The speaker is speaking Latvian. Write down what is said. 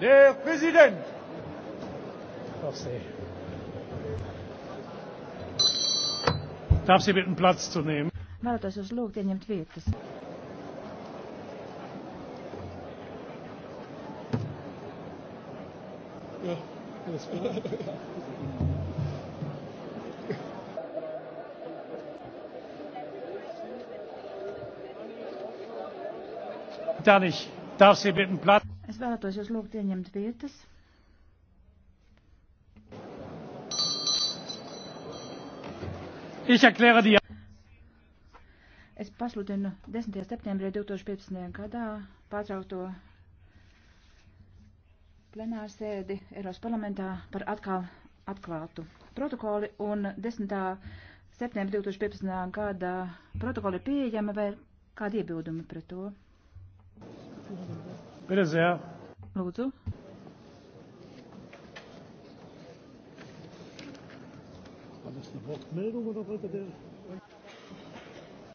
Der Präsident. Darf Sie bitten, Platz zu nehmen? Vēlētos jūs lūgt ieņemt vietas. Ja, das war. dann ich darf sie bitten platz Es vēlētos jūs lūgt ieņemt vietas. Es pasludinu 10. septembrī 2015. gadā pārtraukto plenārsēdi Eiropas parlamentā par atkal atklātu protokoli un 10. septembrī 2015. gada protokoli ir pieejama vai kādi iebildumi pret to? Bitte sehr. Lūdzu. War das eine Wortmeldung oder wollte der?